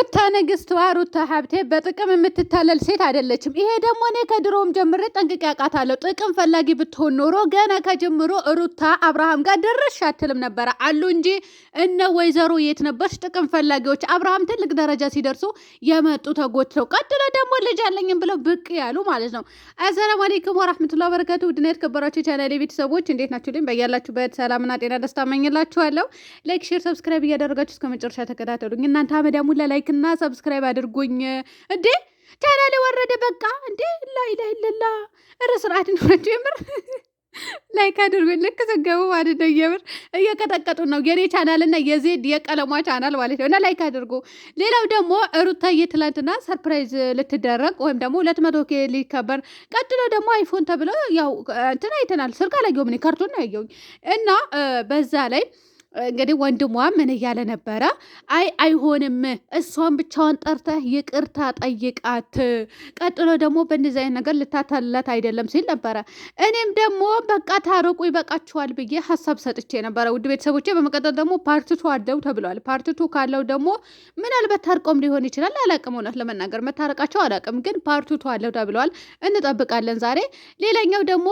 ሩታ ንግስትዋ ሩታ ሀብቴ በጥቅም የምትታለል ሴት አይደለችም። ይሄ ደግሞ እኔ ከድሮም ጀምሬ ጠንቅቄ አውቃታለሁ። ጥቅም ፈላጊ ብትሆን ኖሮ ገና ከጀምሮ ሩታ አብርሃም ጋር ደረስሽ አትልም ነበረ አሉ እንጂ እነ ወይዘሮ የት ነበርሽ? ጥቅም ፈላጊዎች አብርሃም ትልቅ ደረጃ ሲደርሱ የመጡ ተጎትተው፣ ቀጥለ ደግሞ ልጅ አለኝም ብለው ብቅ ያሉ ማለት ነው። አሰላሙ አለይኩም ወራህመቱላ በረከቱ። ውድና የተከበራችሁ የቻናሌ ቤተሰቦች እንዴት ናችሁ? ልኝ በያላችሁበት ሰላምና ጤና ደስታ እመኝላችኋለሁ። ላይክ፣ ሼር፣ ሰብስክራይብ እያደረጋችሁ እስከ መጨረሻ ተከታተሉኝ እናንተ አመዳሙላ ላይ ላይክ እና ሰብስክራይብ አድርጉኝ። እንዴ ቻናል ወረደ በቃ እንዴ ላይ ላይ ለላ እረ ስርዓት ኖራቸው የምር ላይክ አድርጉኝ። ልክ ስገቡ ማለት ነው የምር እየቀጠቀጡ ነው የኔ ቻናል እና የዜድ የቀለሟ ቻናል ማለት ነው እና ላይክ አድርጉ። ሌላው ደግሞ ሩታዬ ትላንትና ሰርፕራይዝ ልትደረግ ወይም ደግሞ ሁለት መቶ ኬ ሊከበር ቀጥሎ ደግሞ አይፎን ተብሎ ያው እንትን አይተናል። ስልክ አላየሁም እኔ ካርቶን አያየሁኝ እና በዛ ላይ እንግዲህ ወንድሟ ምን እያለ ነበረ? አይ አይሆንም፣ እሷን ብቻዋን ጠርተህ ይቅርታ ጠይቃት፣ ቀጥሎ ደግሞ በእንደዚህ አይነት ነገር ልታታልላት አይደለም ሲል ነበረ። እኔም ደግሞ በቃ ታረቁ ይበቃችኋል ብዬ ሀሳብ ሰጥቼ ነበረ፣ ውድ ቤተሰቦቼ። በመቀጠል ደግሞ ፓርቲቱ አለው ተብሏል። ፓርቲቱ ካለው ደግሞ ምናልባት ታርቆም ሊሆን ይችላል፣ አላቅም። እውነት ለመናገር መታረቃቸው አላቅም፣ ግን ፓርቲቱ አለው ተብሏል። እንጠብቃለን ዛሬ። ሌላኛው ደግሞ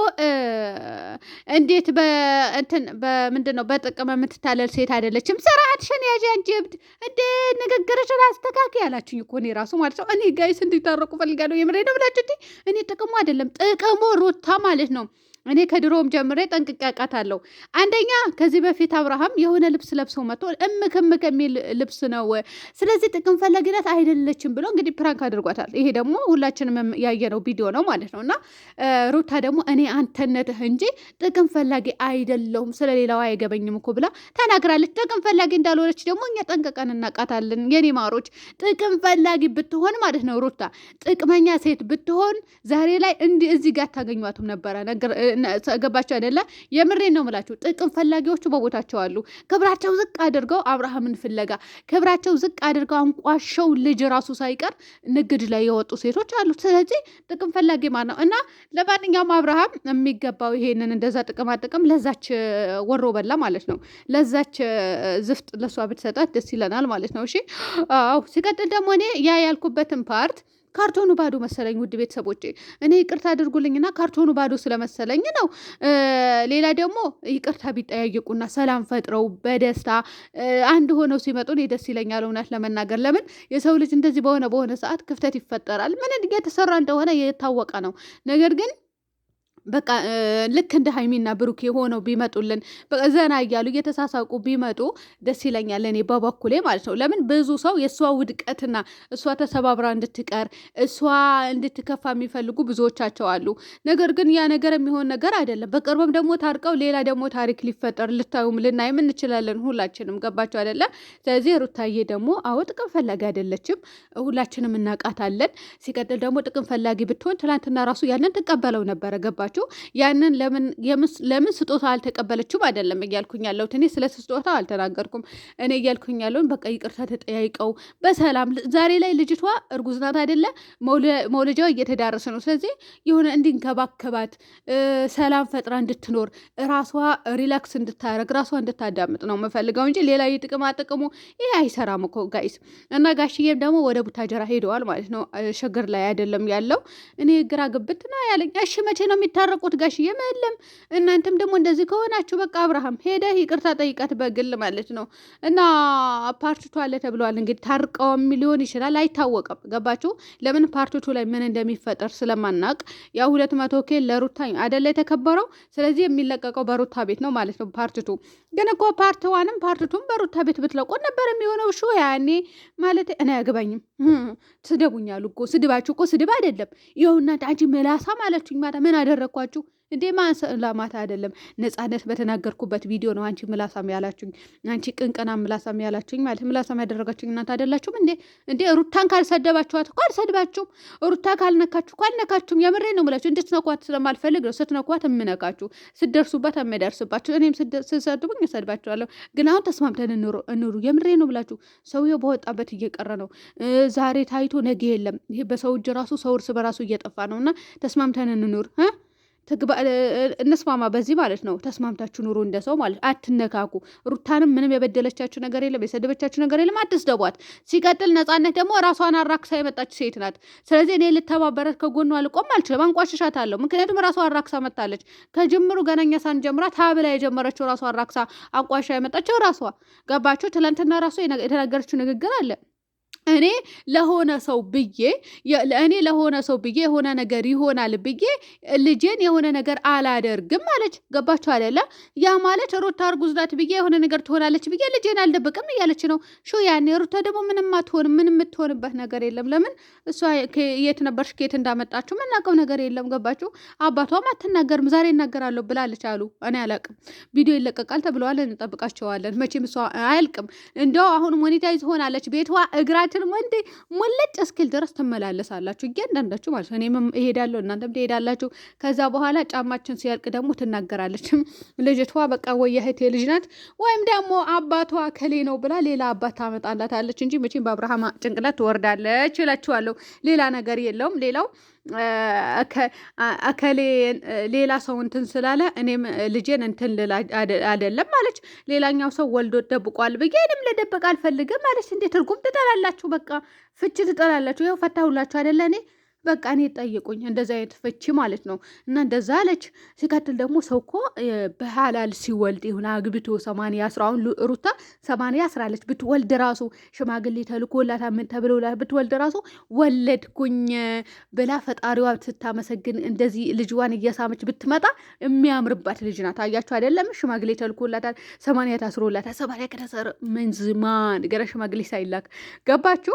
እንዴት በእንትን በምንድን ነው በጥቅም የምትታ የምትታለል ሴት አይደለችም። ስርዓትሽን ያዥ አንቺ እብድ እንዴ! ንግግርሽን አስተካክ ያላችሁኝ እኮ እኔ ራሱ ማለት ነው። እኔ ጋይስ እንዲታረቁ ፈልጋለሁ። የምሬ ነው ብላችሁ እኔ ጥቅሙ አይደለም ጥቅሙ ሩታ ማለት ነው እኔ ከድሮም ጀምሬ ጠንቅቄ አውቃታለሁ። አንደኛ ከዚህ በፊት አብርሃም የሆነ ልብስ ለብሶ መጥቶ እምክ እምክ የሚል ልብስ ነው። ስለዚህ ጥቅም ፈላጊነት አይደለችም ብሎ እንግዲህ ፕራንክ አድርጓታል። ይሄ ደግሞ ሁላችንም ያየነው ቪዲዮ ነው ማለት ነው። እና ሩታ ደግሞ እኔ አንተነትህ እንጂ ጥቅም ፈላጊ አይደለሁም ስለሌላው አይገበኝም እኮ ብላ ተናግራለች። ጥቅም ፈላጊ እንዳልሆነች ደግሞ እኛ ጠንቅቀን እናውቃታለን። የኔ ማሮች ጥቅም ፈላጊ ብትሆን ማለት ነው ሩታ ጥቅመኛ ሴት ብትሆን ዛሬ ላይ እንዲህ እዚህ ጋር ታገኟትም ነበረ ነገር ገባቸው አይደለ? የምሬን ነው የምላችሁ። ጥቅም ፈላጊዎቹ በቦታቸው አሉ። ክብራቸው ዝቅ አድርገው አብርሃምን ፍለጋ ክብራቸው ዝቅ አድርገው አንቋሸው ልጅ ራሱ ሳይቀር ንግድ ላይ የወጡ ሴቶች አሉ። ስለዚህ ጥቅም ፈላጊ ማለት ነው። እና ለማንኛውም አብርሃም የሚገባው ይሄንን እንደዛ ጥቅማ ጥቅም ለዛች ወሮ በላ ማለት ነው ለዛች ዝፍጥ ለሷ ብትሰጣት ደስ ይለናል ማለት ነው። እሺ ሲቀጥል ደግሞ እኔ ያ ያልኩበትን ፓርት ካርቶኑ ባዶ መሰለኝ። ውድ ቤተሰቦቼ እኔ ይቅርታ አድርጉልኝና ካርቶኑ ባዶ ስለመሰለኝ ነው። ሌላ ደግሞ ይቅርታ ቢጠያየቁና ሰላም ፈጥረው በደስታ አንድ ሆነው ሲመጡ እኔ ደስ ይለኛል። እውነት ለመናገር ለምን የሰው ልጅ እንደዚህ በሆነ በሆነ ሰዓት ክፍተት ይፈጠራል። ምን የተሰራ እንደሆነ የታወቀ ነው። ነገር ግን በቃ ልክ እንደ ሀይሚና ብሩክ የሆነው ቢመጡልን ዘና እያሉ እየተሳሳቁ ቢመጡ ደስ ይለኛል። እኔ በበኩሌ ማለት ነው። ለምን ብዙ ሰው የእሷ ውድቀትና እሷ ተሰባብራ እንድትቀር እሷ እንድትከፋ የሚፈልጉ ብዙዎቻቸው አሉ። ነገር ግን ያ ነገር የሚሆን ነገር አይደለም። በቅርብም ደግሞ ታርቀው ሌላ ደግሞ ታሪክ ሊፈጠር ልታዩም ልናይም እንችላለን። ሁላችንም ገባቸው አይደለም። ስለዚህ ሩታዬ ደግሞ አዎ ጥቅም ፈላጊ አይደለችም። ሁላችንም እናቃታለን። ሲቀጥል ደግሞ ጥቅም ፈላጊ ብትሆን ትናንትና ራሱ ያንን ትቀበለው ነበረ። ገባቸው ገባችሁ? ያንን ለምን ስጦታ አልተቀበለችውም አይደለም እያልኩኝ ያለሁት እኔ ስለ ስጦታ አልተናገርኩም። እኔ እያልኩኝ ያለውን በቃ ይቅርታ ተጠያይቀው በሰላም ዛሬ ላይ ልጅቷ እርጉዝ ናት አይደለ? መውለጃው እየተዳረሰ ነው። ስለዚህ የሆነ እንዲንከባከባት ሰላም ፈጥራ እንድትኖር ራሷ ሪላክስ እንድታረግ ራሷ እንድታዳምጥ ነው የምፈልገው እንጂ ሌላ የጥቅማ ጥቅሙ ይሄ አይሰራም እኮ ጋይስ። እና ጋሽዬም ደግሞ ወደ ቡታጀራ ሄደዋል ማለት ነው። ሸገር ላይ አይደለም ያለው። እኔ ግራ ግብትና ያለኝ። እሺ መቼ ነው የሚታ የምትታረቁት ጋሽዬ የለም። እናንተም ደግሞ እንደዚህ ከሆናችሁ በቃ አብርሃም ሄደህ ይቅርታ ጠይቃት በግል ማለት ነው። እና ፓርቲቱ አለ ተብለዋል። እንግዲህ ታርቀውም ሊሆን ይችላል አይታወቅም። ገባችሁ? ለምን ፓርቲቱ ላይ ምን እንደሚፈጠር ስለማናቅ ያ ሁለት መቶ ኬ ለሩታ አደለ የተከበረው። ስለዚህ የሚለቀቀው በሩታ ቤት ነው ማለት ነው። ፓርቲቱ ግን እኮ ፓርቲዋንም ፓርቲቱም በሩታ ቤት ብትለቆ ነበር የሚሆነው። እሺ ያኔ ማለት እኔ አያግባኝም። ስደቡኛል እኮ ስድባችሁ እኮ ስድብ አይደለም። ይኸው እናንተ አንቺ መላሳ ማለችኝ ማታ ምን አደረግ ያልኳችሁ እንዴ? ማሰላማት አይደለም ነፃነት በተናገርኩበት ቪዲዮ ነው። አንቺ ምላሳም ያላችሁኝ፣ አንቺ ቅንቅና ምላሳም ያላችሁኝ ማለት ምላሳም ያደረጋችሁኝ እናንተ አይደላችሁም እንዴ? እንዴ ሩታን ካልሰደባችኋት እኮ አልሰድባችሁም። ሩታ ካልነካችሁ እኮ አልነካችሁም። የምሬ ነው የምላችሁ። እንድትነኳት ስለማልፈልግ ነው። ስትነኳት የምነቃችሁ፣ ስደርሱባት የምደርስባችሁ። እኔም ስሰድቡኝ እሰድባችኋለሁ። ግን አሁን ተስማምተን እንሩ። የምሬ ነው የምላችሁ። ሰውየው በወጣበት እየቀረ ነው። ዛሬ ታይቶ ነገ የለም። ይሄ በሰው እጅ ራሱ ሰው እርስ በራሱ እየጠፋ ነው እና ተስማምተን እንኑር። እንስማማ በዚህ ማለት ነው። ተስማምታችሁ ኑሮ እንደ ሰው ማለት አትነካኩ። ሩታንም ምንም የበደለቻችሁ ነገር የለም፣ የሰደበቻችሁ ነገር የለም። አትስደቧት። ሲቀጥል ነፃነት ደግሞ ራሷን አራክሳ የመጣች ሴት ናት። ስለዚህ እኔ ልተባበረት ከጎኗ ልቆም አልችልም፣ አንቋሽሻታለሁ። ምክንያቱም ራሷ አራክሳ መታለች። ከጅምሩ ገናኛ ሳንጀምራ ታብላ የጀመረችው ራሷ አራክሳ አንቋሻ የመጣችው ራሷ ገባቸው። ትላንትና ራሷ የተናገረችው ንግግር አለ እኔ ለሆነ ሰው ብዬ እኔ ለሆነ ሰው ብዬ የሆነ ነገር ይሆናል ብዬ ልጄን የሆነ ነገር አላደርግም አለች። ገባችሁ አይደለ? ያ ማለት ሩታ እርጉዝ ናት ብዬ የሆነ ነገር ትሆናለች ብዬ ልጄን አልደብቅም እያለች ነው ሹ። ያኔ ሩታ ደግሞ ምንም አትሆን፣ ምን የምትሆንበት ነገር የለም። ለምን እሷ የት ነበርሽ ከየት እንዳመጣችሁ የምናውቀው ነገር የለም። ገባችሁ? አባቷም አትናገርም። ዛሬ እናገራለሁ ብላለች አሉ። እኔ አላውቅም። ቪዲዮ ይለቀቃል ተብለዋል፣ እንጠብቃቸዋለን። መቼም እሷ አያልቅም። እንደው አሁን ሞኔታይዝ ሆናለች ቤቷ እግራት አይችልም። ወንዴ ሞለጭ እስኪል ድረስ ትመላለሳላችሁ እያንዳንዳችሁ ማለት ነው። እኔም እሄዳለሁ፣ እናንተም ትሄዳላችሁ። ከዛ በኋላ ጫማችን ሲያልቅ ደግሞ ትናገራለች ልጅቷ በቃ ወይ እህቴ ልጅ ናት ወይም ደግሞ አባቷ ከሌ ነው ብላ ሌላ አባት ታመጣላታለች እንጂ መቼም በአብርሃም ጭንቅላት ትወርዳለች እላችኋለሁ። ሌላ ነገር የለውም። ሌላው አከሌ ሌላ ሰው እንትን ስላለ እኔም ልጄን እንትን ልል አይደለም ማለች። ሌላኛው ሰው ወልዶ ደብቋል ብዬ እኔም ልደብቅ አልፈልግም ማለች። እንዴት ትርጉም ትጠላላችሁ? በቃ ፍቺ ትጠላላችሁ። ይኸው ፈታሁላችሁ አይደለ እኔ በቃ እኔ ጠይቁኝ እንደዚህ አይነት ፍቺ ማለት ነው። እና እንደዛ አለች። ሲቀጥል ደግሞ ሰው እኮ በሀላል ሲወልድ የሆነ አግብቶ ሰማንያ አስራ አሁን ሩታ ሰማንያ አስራ አለች ብትወልድ ራሱ ሽማግሌ ተልኮላታ ምን ተብለውላ ብትወልድ ራሱ ወለድኩኝ ብላ ፈጣሪዋ ስታመሰግን እንደዚህ ልጅዋን እየሳመች ብትመጣ የሚያምርባት ልጅ ናት። አያችሁ አይደለም? ሽማግሌ ተልኮላታል። ሰማንያ ታስሮላታል። ሰማንያ ከተሰር መንዝማ ነገረ ሽማግሌ ሳይላክ ገባችሁ።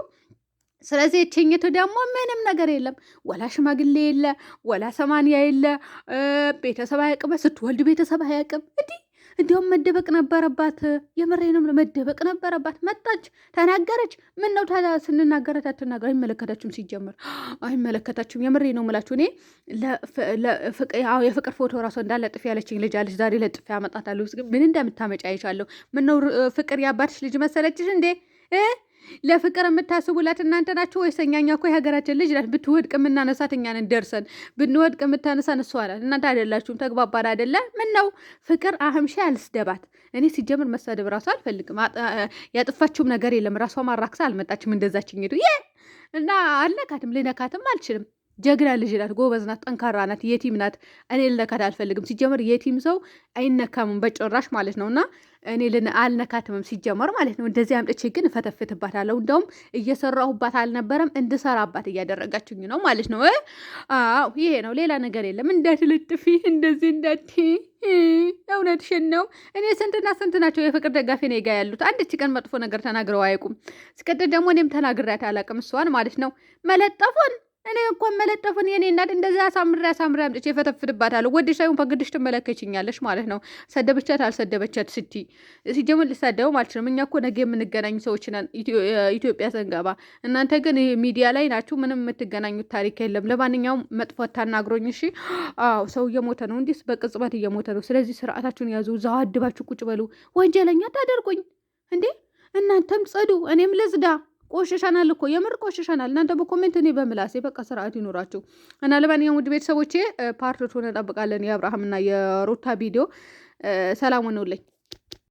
ስለዚህ ይችኝቱ ደግሞ ምንም ነገር የለም። ወላ ሽማግሌ የለ፣ ወላ ሰማንያ የለ፣ ቤተሰብ አያቅም። ስትወልድ ቤተሰብ አያቅም። እንዲህ እንዲሁም መደበቅ ነበረባት። የምሬንም መደበቅ ነበረባት። መጣች፣ ተናገረች። ምን ነው ታዲያ ስንናገረት አትናገር? አይመለከታችሁም፣ ሲጀምር አይመለከታችሁም። የምሬ ነው ምላችሁ። እኔ የፍቅር ፎቶ ራሱ እንዳለ ጥፊ ያለችኝ ልጅ አለች። ዛሬ ለጥፊ አመጣታለሁ። ምን እንደምታመጫ ይቻለሁ። ነው ፍቅር ያባትሽ ልጅ መሰለችሽ እንዴ? ለፍቅር የምታስቡላት እናንተ ናቸው ወይስ እኛ? እኛ እኮ የሀገራችን ልጅ ናት። ብትወድቅ የምናነሳት እኛ ደርሰን ብንወድቅ የምታነሳን እሷ ናት። እናንተ አይደላችሁም። ተግባባን አይደለ? ምን ነው ፍቅር አህምሻ አልስደባት። እኔ ሲጀምር መሳደብ ራሱ አልፈልግም። ያጥፋችውም ነገር የለም። ራሷ ማራክሳ አልመጣችም። እንደዛችኝ ሄዱ እና አልነካትም፣ ልነካትም አልችልም። ጀግና ልጅ ናት፣ ጎበዝ ናት፣ ጠንካራ ናት፣ የቲም ናት። እኔ ልነካት አልፈልግም። ሲጀመር የቲም ሰው አይነካምም በጭራሽ ማለት ነው። እና እኔ ልን አልነካትምም ሲጀመር ማለት ነው። እንደዚህ አምጥቼ ግን እፈተፍትባታለሁ። እንደውም እየሰራሁባት አልነበረም እንድሰራባት እያደረጋችኝ ነው ማለት ነው። አዎ ይሄ ነው፣ ሌላ ነገር የለም። እንዳትልጥፊ እንደዚህ እንዳት እውነትሽን ነው። እኔ ስንትና ስንት ናቸው የፍቅር ደጋፊ እኔ ጋ ያሉት። አንድች ቀን መጥፎ ነገር ተናግረው አያውቁም። ሲቀጥል ደግሞ እኔም ተናግሬያት አላውቅም እሷን ማለት ነው መለጠፉን እኔ እኮ መለጠፉን የኔ እናት እንደዚህ አሳምሬ አሳምሬ አምጥቼ ፈተፍድባታለሁ። ወደ ሳይሆን በግድሽ ትመለከችኛለሽ ማለት ነው። ሰደበቻት አልሰደበቻት ስቲ ሲጀምር ልሳደበው አልችልም። እኛ እኮ ነገ የምንገናኝ ሰዎች ነን ኢትዮጵያ ዘንጋባ። እናንተ ግን ሚዲያ ላይ ናችሁ። ምንም የምትገናኙት ታሪክ የለም። ለማንኛውም መጥፎ አታናግሮኝ እሺ። አዎ ሰው እየሞተ ነው፣ እንዲህ በቅጽበት እየሞተ ነው። ስለዚህ ስርዓታችሁን ያዙ። እዛው አድባችሁ ቁጭ በሉ። ወንጀለኛ ታደርጉኝ እንዴ? እናንተም ጽዱ፣ እኔም ልጽዳ። ቆሽሸናል እኮ የምር ቆሽሸናል። እናንተ በኮሜንት እኔ በምላሴ በቃ ስርዓት ይኖራችሁ እና ለማንኛውም ውድ ቤተሰቦቼ ፓርት ቱን እንጠብቃለን የአብርሃምና የሩታ ቪዲዮ። ሰላም ሆነውልኝ።